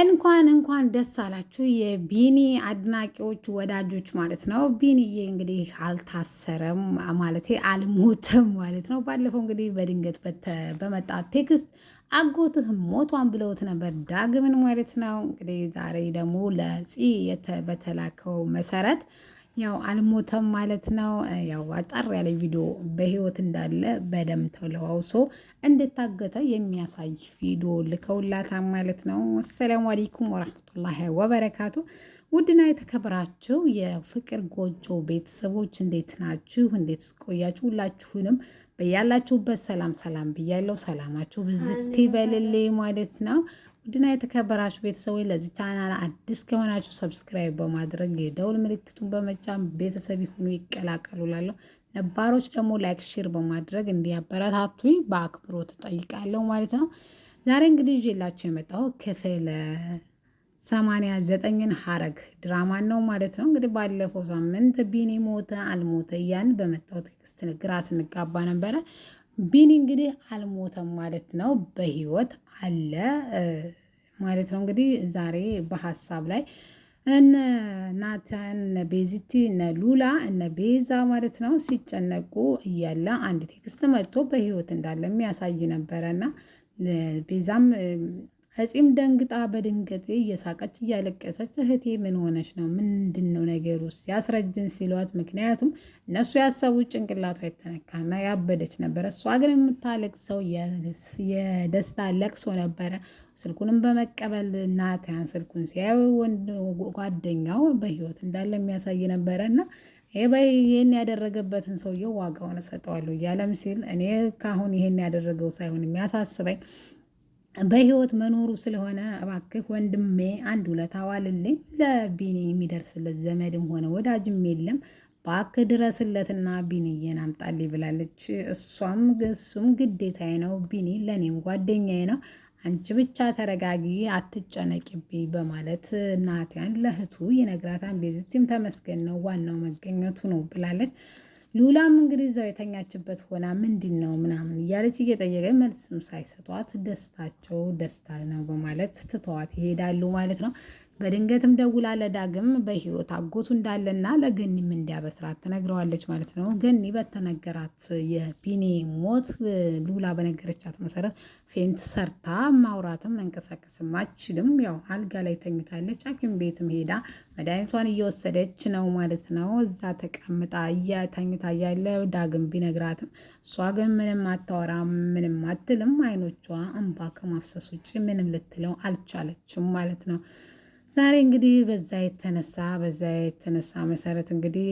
እንኳን እንኳን ደስ አላችሁ የቢኒ አድናቂዎች ወዳጆች ማለት ነው። ቢኒዬ እንግዲህ አልታሰረም ማለት አልሞተም ማለት ነው። ባለፈው እንግዲህ በድንገት በመጣ ቴክስት አጎትህ ሞቷን ብለውት ነበር ዳግምን ማለት ነው። እንግዲህ ዛሬ ደግሞ ለፂ በተላከው መሰረት ያው አልሞተም ማለት ነው። ያው አጠር ያለ ቪዲዮ በህይወት እንዳለ በደም ተለዋውሶ እንደታገተ የሚያሳይ ቪዲዮ ልከውላታ ማለት ነው። አሰላሙ አለይኩም ወራህመቱላሂ ወበረካቱ። ውድና የተከበራችሁ የፍቅር ጎጆ ቤተሰቦች እንዴት ናችሁ? እንዴት ስቆያችሁ? ሁላችሁንም በያላችሁበት ሰላም ሰላም ብያለው። ሰላማችሁ ብዝት ይበልልኝ ማለት ነው። ውድና የተከበራችሁ ቤተሰቦች ለዚህ ቻናል አዲስ ከሆናችሁ ሰብስክራይብ በማድረግ የደውል ምልክቱን በመጫን ቤተሰብ ይሁኑ ይቀላቀሉ ላለሁ ነባሮች ደግሞ ላይክ፣ ሼር በማድረግ እንዲያበረታቱኝ በአክብሮት እጠይቃለሁ ማለት ነው። ዛሬ እንግዲህ ይዤላችሁ የመጣው ክፍል ሰማንያ ዘጠኝን ሀረግ ድራማን ነው ማለት ነው። እንግዲህ ባለፈው ሳምንት ቢኒ ሞተ አልሞተ እያን በመጣው ቴክስት ግራ ስንጋባ ነበረ። ቢኒ እንግዲህ አልሞተም ማለት ነው፣ በህይወት አለ ማለት ነው። እንግዲህ ዛሬ በሀሳብ ላይ እነ ናታን እነ ቤዚቲ እነ ሉላ እነ ቤዛ ማለት ነው ሲጨነቁ እያለ አንድ ቴክስት መጥቶ በህይወት እንዳለ የሚያሳይ ነበረ እና ቤዛም ህፂም ደንግጣ በድንገት እየሳቀች እያለቀሰች እህቴ ምን ሆነች ነው ምንድን ነው ነገሩ ያስረጅን ሲሏት፣ ምክንያቱም እነሱ ያሰቡት ጭንቅላቷ የተነካና ያበደች ነበረ። እሷ ግን የምታለቅሰው የደስታ ለቅሶ ነበረ። ስልኩንም በመቀበል ናታን ስልኩን ሲያዩ ወንድ ጓደኛው በህይወት እንዳለ የሚያሳይ ነበረ እና ይህን ያደረገበትን ሰውየው ዋጋውን እሰጠዋለሁ እያለም ሲል እኔ ካሁን ይህን ያደረገው ሳይሆን የሚያሳስበኝ በህይወት መኖሩ ስለሆነ እባክህ ወንድሜ አንድ ውለታ አዋልልኝ። ለቢኒ የሚደርስለት ዘመድም ሆነ ወዳጅም የለም። ባክ ድረስለትና ቢኒዬን አምጣልኝ ብላለች። እሷም እሱም ግዴታዬ ነው፣ ቢኒ ለእኔም ጓደኛዬ ነው። አንቺ ብቻ ተረጋጊ፣ አትጨነቂብኝ በማለት ናቲያን ለእህቱ የነግራታን ቤዝቲም ተመስገን ነው፣ ዋናው መገኘቱ ነው ብላለች። ሉላም እንግዲህ እዛው የተኛችበት ሆና ምንድን ነው ምናምን እያለች እየጠየቀ መልስም ሳይሰጧት ደስታቸው ደስታ ነው በማለት ትተዋት ይሄዳሉ ማለት ነው። በድንገትም ደውላ ለዳግም በህይወት አጎቱ እንዳለና ለገኒም እንዲያበስራት ትነግረዋለች ማለት ነው። ገኒ በተነገራት የቢኒ ሞት ሉላ በነገረቻት መሰረት ፌንት ሰርታ ማውራትም መንቀሳቀስም አችልም። ያው አልጋ ላይ ተኝታለች። ሐኪም ቤትም ሄዳ መድኃኒቷን እየወሰደች ነው ማለት ነው። እዛ ተቀምጣ ተኝታ እያለ ዳግም ቢነግራትም እሷ ግን ምንም አታወራ፣ ምንም አትልም። አይኖቿ እንባ ከማፍሰስ ውጭ ምንም ልትለው አልቻለችም ማለት ነው። ዛሬ እንግዲህ በዛ የተነሳ በዛ የተነሳ መሰረት እንግዲህ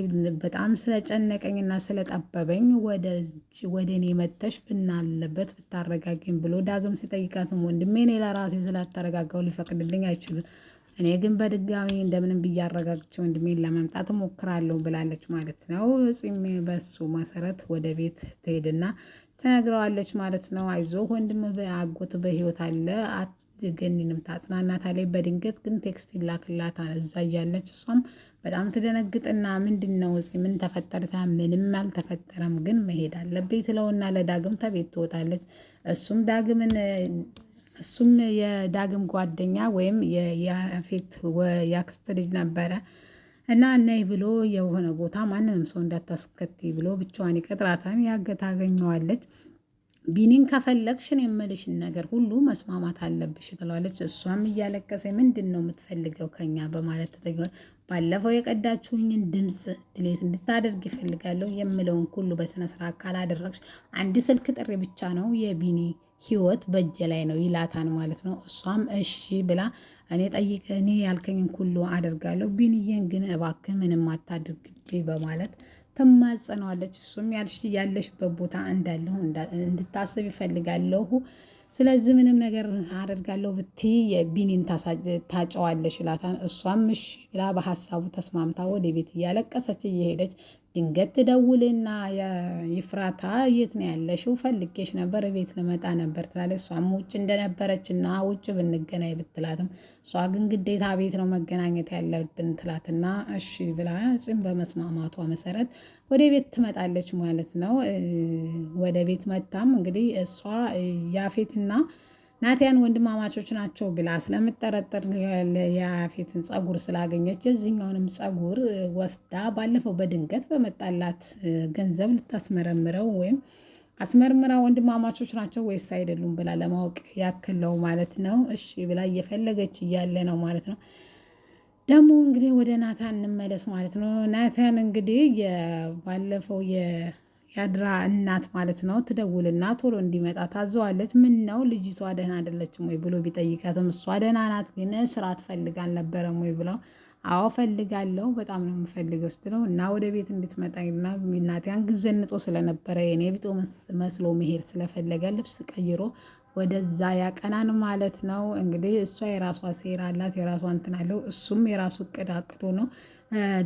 በጣም ስለጨነቀኝና ስለጠበበኝ ወደ እኔ መተሽ ብናለበት ብታረጋግኝ ብሎ ዳግም ሲጠይቃትም ወንድሜ እኔ ለራሴ ስላተረጋጋው ሊፈቅድልኝ አይችልም እኔ ግን በድጋሚ እንደምንም ብያረጋግቼ ወንድሜን ለመምጣት ሞክራለሁ ብላለች ማለት ነው። ጽሜ በሱ መሰረት ወደ ቤት ትሄድና ትነግረዋለች ማለት ነው። አይዞህ ወንድም አጎት በህይወት አለ ገኒንም ታጽናናታለች። በድንገት ግን ቴክስት ይላክላታል እዛ እያለች እሷም በጣም ትደነግጥና ምንድን ነው እዚህ ምን ተፈጠረ? ምንም አልተፈጠረም ግን መሄድ አለብኝ ትለውና ለዳግም ተቤት ትወጣለች። እሱም ዳግምን እሱም የዳግም ጓደኛ ወይም የፊት ያክስት ልጅ ነበረ እና ነይ ብሎ የሆነ ቦታ ማንንም ሰው እንዳታስከቲ ብሎ ብቻዋን ይቀጥራታን ያገታገኘዋለች ቢኒን ከፈለግሽን የምልሽን ነገር ሁሉ መስማማት አለብሽ ትለዋለች። እሷም እያለቀሰ ምንድን ነው የምትፈልገው ከኛ በማለት ባለፈው የቀዳችሁኝን ድምፅ ድሌት እንድታደርግ ይፈልጋለሁ የምለውን ሁሉ በስነ ስርዓት ካላደረግሽ አንድ ስልክ ጥሪ ብቻ ነው የቢኒ ህይወት በእጄ ላይ ነው ይላታን ማለት ነው። እሷም እሺ ብላ እኔ ጠይቀ እኔ ያልከኝን ሁሉ አደርጋለሁ ቢኒዬን ግን እባክህ ምንም አታድርግ በማለት ትማጸነዋለች። እሱም ያልሽ ያለሽበት ቦታ እንዳለሁ እንድታስብ ይፈልጋለሁ። ስለዚህ ምንም ነገር አደርጋለሁ ብትይ የቢኒን ታጨዋለሽ ላታ እሷም እሺ ብላ በሀሳቡ ተስማምታ ወደ ቤት እያለቀሰች እየሄደች ድንገት ትደውልና የፍራታ የት ነው ያለሽው? ፈልጌሽ ነበር ቤት ልመጣ ነበር ትላለች። እሷም ውጭ እንደነበረችና ውጭ ብንገናኝ ብትላትም እሷ ግን ግዴታ ቤት ነው መገናኘት ያለብን ትላትና እሺ ብላ ጽም በመስማማቷ መሰረት ወደ ቤት ትመጣለች ማለት ነው። ወደ ቤት መታም እንግዲህ እሷ ያፌትና ናቲያን ወንድማማቾች ናቸው ብላ ስለምጠረጠር የያፌትን ጸጉር ስላገኘች የዚህኛውንም ጸጉር ወስዳ ባለፈው በድንገት በመጣላት ገንዘብ ልታስመረምረው ወይም አስመርምራ ወንድማማቾች ናቸው ወይስ አይደሉም ብላ ለማወቅ ያክለው ማለት ነው። እሺ ብላ እየፈለገች እያለ ነው ማለት ነው። ደግሞ እንግዲህ ወደ ናታን እንመለስ ማለት ነው። ናታን እንግዲህ ባለፈው ያድራ እናት ማለት ነው ትደውልና ቶሎ እንዲመጣ ታዘዋለች። ምን ነው ልጅቷ ደህና አይደለችም ወይ ብሎ ቢጠይቃትም እሷ ደህና ናት፣ ግን ስራ ትፈልግ አልነበረም ወይ ብለው አዎ ፈልጋለሁ፣ በጣም ነው የምፈልገው ስትለው እና ወደ ቤት እንድትመጣና ጊዜ አንግዘንጦ ስለነበረ የኔ ቢጦ መስሎ መሄድ ስለፈለገ ልብስ ቀይሮ ወደዛ ያቀናን ማለት ነው። እንግዲህ እሷ የራሷ ሴራ አላት፣ የራሷ እንትን አለው፣ እሱም የራሱ እቅድ አቅዶ ነው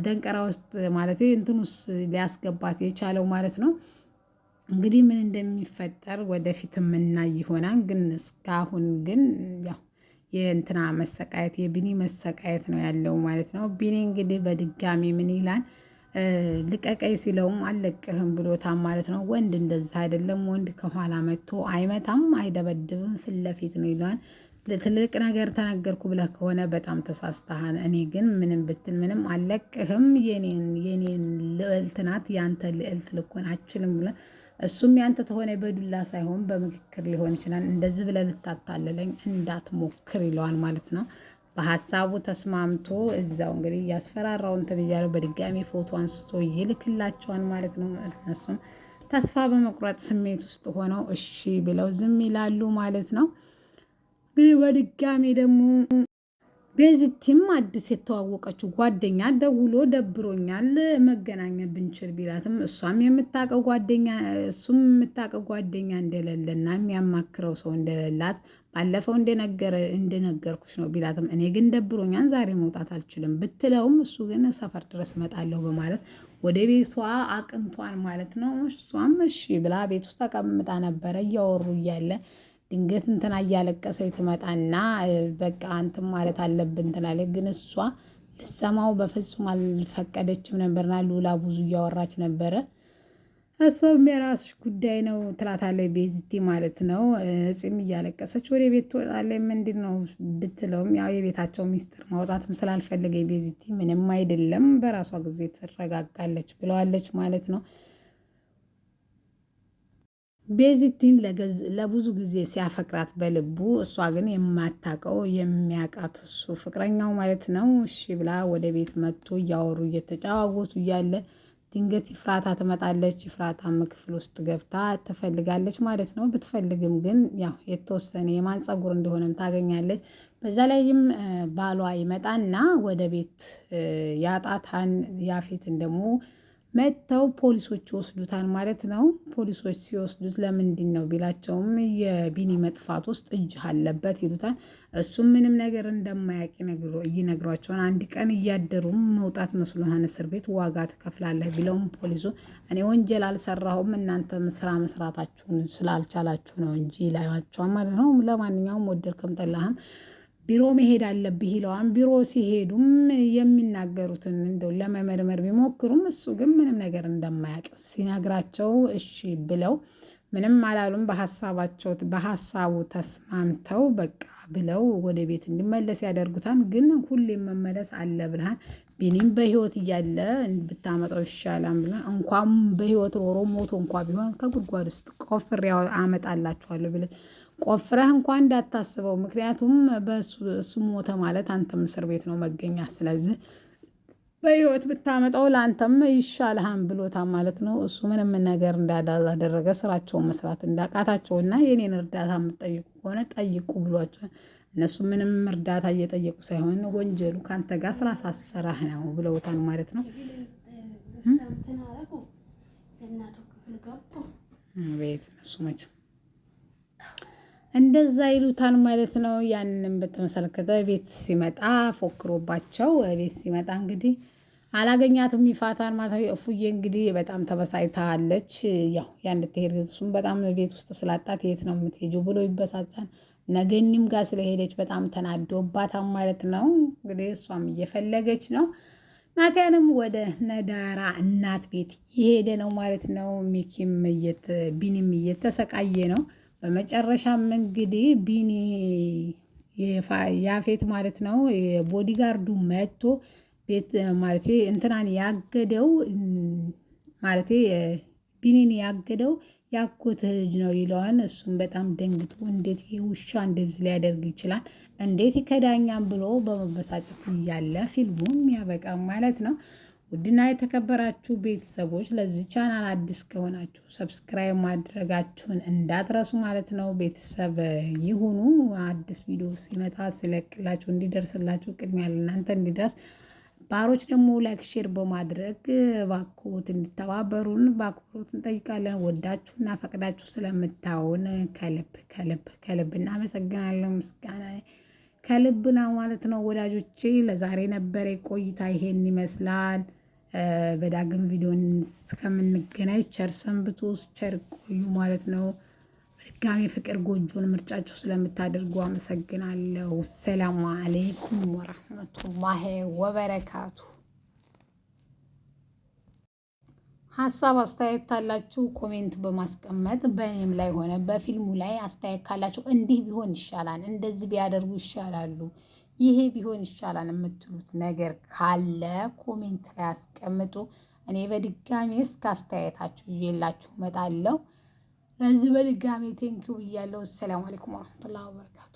ደንቀራ ውስጥ ማለት እንትን ውስጥ ሊያስገባት የቻለው ማለት ነው። እንግዲህ ምን እንደሚፈጠር ወደፊት የምናይ ይሆናል። ግን እስካሁን ግን ያው የእንትና መሰቃየት የቢኒ መሰቃየት ነው ያለው ማለት ነው። ቢኒ እንግዲህ በድጋሚ ምን ይላል? ልቀቀይ ሲለውም አልለቅህም ብሎታም ማለት ነው። ወንድ እንደዛ አይደለም። ወንድ ከኋላ መጥቶ አይመታም፣ አይደበድብም፣ ፊት ለፊት ነው ይለዋል። ትልቅ ነገር ተነገርኩ ብለህ ከሆነ በጣም ተሳስተሃል። እኔ ግን ምንም ብትል ምንም አልለቅህም። የኔን ልዕልት ናት፣ ያንተ ልዕልት ልኮን አችልም ብለ እሱም ያንተ ተሆነ በዱላ ሳይሆን በምክክር ሊሆን ይችላል። እንደዚህ ብለህ ልታታለለኝ እንዳትሞክር ይለዋል ማለት ነው። በሀሳቡ ተስማምቶ እዛው እንግዲህ እያስፈራራው እንትን እያለው በድጋሚ ፎቶ አንስቶ ይልክላቸዋል ማለት ነው። እነሱም ተስፋ በመቁረጥ ስሜት ውስጥ ሆነው እሺ ብለው ዝም ይላሉ ማለት ነው። እንግዲህ በድጋሚ ደግሞ በዚህም አዲስ የተዋወቀችው ጓደኛ ደውሎ ደብሮኛል መገናኘት ብንችል ቢላትም እሷም የምታውቀው ጓደኛ እሱም የምታውቀው ጓደኛ እንደሌለና የሚያማክረው ሰው እንደሌላት ባለፈው እንደነገርኩሽ ነው ቢላትም እኔ ግን ደብሮኛን ዛሬ መውጣት አልችልም ብትለውም እሱ ግን ሰፈር ድረስ እመጣለሁ በማለት ወደ ቤቷ አቅንቷን ማለት ነው። እሷም እሺ ብላ ቤት ውስጥ ተቀምጣ ነበረ እያወሩ እያለ ድንገት እንትና እያለቀሰ ትመጣና በቃ አንተም ማለት አለብን ትላለች። ግን እሷ ልሰማው በፍጹም አልፈቀደችም ነበርና ሉላ ብዙ እያወራች ነበረ። እሷም የራስሽ ጉዳይ ነው ትላታለች፣ ቤዝቲ ማለት ነው። እጽም እያለቀሰች ወደ ቤት ትወጣለች። ምንድን ነው ብትለውም ያው የቤታቸው ሚስጥር ማውጣትም ስላልፈለገ ቤዝቲ ምንም አይደለም በራሷ ጊዜ ትረጋጋለች ብለዋለች ማለት ነው። ቤዚቲን ለብዙ ጊዜ ሲያፈቅራት በልቡ እሷ ግን የማታቀው የሚያውቃት እሱ ፍቅረኛው ማለት ነው። እሺ ብላ ወደ ቤት መጥቶ እያወሩ እየተጫዋወቱ እያለ ድንገት ይፍራታ ትመጣለች። ይፍራታም ክፍል ውስጥ ገብታ ትፈልጋለች ማለት ነው። ብትፈልግም ግን ያው የተወሰነ የማን ጸጉር እንደሆነም ታገኛለች። በዛ ላይም ባሏ ይመጣና ወደ ቤት ያጣታን ያፌትን ደግሞ መጥተው ፖሊሶች ይወስዱታል ማለት ነው። ፖሊሶች ሲወስዱት ለምንድን ነው ቢላቸውም የቢኒ መጥፋት ውስጥ እጅ አለበት ይሉታል። እሱም ምንም ነገር እንደማያውቅ ይነግሯቸውን አንድ ቀን እያደሩም መውጣት መስሎህን እስር ቤት ዋጋ ትከፍላለህ ቢለውም ፖሊሱ እኔ ወንጀል አልሰራሁም እናንተ ስራ መስራታችሁን ስላልቻላችሁ ነው እንጂ ይላቸዋል ማለት ነው። ለማንኛውም ወደድክም ጠላህም ቢሮ መሄድ አለብህ ይለዋን። ቢሮ ሲሄዱም የሚናገሩትን እንደው ለመመርመር ቢሞክሩም እሱ ግን ምንም ነገር እንደማያውቅ ሲነግራቸው እሺ ብለው ምንም አላሉም። በሀሳባቸው በሀሳቡ ተስማምተው በቃ ብለው ወደ ቤት እንዲመለስ ያደርጉታል። ግን ሁሌም መመለስ አለ ብልሃን ቢኒም በህይወት እያለ ብታመጣው ይሻላል ብለን እንኳም በህይወት ኖሮ ሞቶ እንኳ ቢሆን ከጉድጓድ ውስጥ ቆፍሬ አመጣላችኋለሁ ብለን ቆፍረህ እንኳን እንዳታስበው። ምክንያቱም በእሱ ሞተ ማለት አንተም እስር ቤት ነው መገኛ። ስለዚህ በህይወት ብታመጣው ለአንተም ይሻልሃን ብሎታ ማለት ነው። እሱ ምንም ነገር እንዳላደረገ ስራቸውን መስራት እንዳቃታቸው እና የኔን እርዳታ የምጠይቁ ከሆነ ጠይቁ ብሏቸው እነሱ ምንም እርዳታ እየጠየቁ ሳይሆን ወንጀሉ ከአንተ ጋር ስላሳሰራህ ነው ብለውታል ማለት ነው። ቤት እነሱ መቼም እንደዛ ይሉታን ማለት ነው። ያንን በተመሰለከተ ቤት ሲመጣ ፎክሮባቸው ቤት ሲመጣ እንግዲህ አላገኛትም ይፋታን ማለት ነው። እፉዬ እንግዲህ በጣም ተበሳጭታለች። ያው ያን ልትሄድ እሱም በጣም ቤት ውስጥ ስላጣት የት ነው የምትሄጂው ብሎ ይበሳጫል። ነገኒም ጋር ስለሄደች በጣም ተናዶባታም ማለት ነው። እንግዲህ እሷም እየፈለገች ነው። ናቲያንም ወደ ነዳራ እናት ቤት እየሄደ ነው ማለት ነው። ሚኪም ቢኒም እየተሰቃየ ነው። በመጨረሻም እንግዲህ ቢኒ ያፌት ማለት ነው የቦዲጋርዱ መጥቶ ቤት ማለት እንትናን ያገደው ማለት ቢኒን ያገደው ያጎት ልጅ ነው ይለዋል። እሱም በጣም ደንግጦ እንዴት ውሻ እንደዚህ ሊያደርግ ይችላል? እንዴት ይከዳኛም ብሎ በመበሳጨት እያለ ፊልሙም ያበቃ ማለት ነው። ውድና የተከበራችሁ ቤተሰቦች ለዚህ ቻናል አዲስ ከሆናችሁ ሰብስክራይብ ማድረጋችሁን እንዳትረሱ ማለት ነው። ቤተሰብ ይሁኑ። አዲስ ቪዲዮ ሲመጣ ስለቅላችሁ እንዲደርስላችሁ ቅድሚያ ለእናንተ እንዲደርስ ባሮች ደግሞ ላይክ ሼር በማድረግ ባኮት እንዲተባበሩን በአክብሮት እንጠይቃለን። ወዳችሁና ፈቅዳችሁ ስለምታውን ከልብ ከልብ ከልብ እናመሰግናለን። ምስጋና ከልብ ማለት ነው። ወዳጆቼ ለዛሬ ነበረ ቆይታ ይሄን ይመስላል። በዳግም ቪዲዮን እስከምንገናኝ ቸር ሰንብቱ፣ ቸር ቆዩ ማለት ነው። በድጋሚ ፍቅር ጎጆን ምርጫችሁ ስለምታደርጉ አመሰግናለሁ። ሰላሙ አሌይኩም ወረህመቱላሂ ወበረካቱ። ሀሳብ አስተያየት ካላችሁ ኮሜንት በማስቀመጥ በእኔም ላይ ሆነ በፊልሙ ላይ አስተያየት ካላችሁ እንዲህ ቢሆን ይሻላል፣ እንደዚህ ቢያደርጉ ይሻላሉ ይሄ ቢሆን ይሻላል የምትሉት ነገር ካለ ኮሜንት ላይ አስቀምጡ። እኔ በድጋሚ እስከ አስተያየታችሁ ይዤላችሁ እመጣለሁ። ለዚህ በድጋሚ ቴንኪው ብያለሁ። ሰላም አለይኩም ወረሕመቱላሂ ወበረካቱ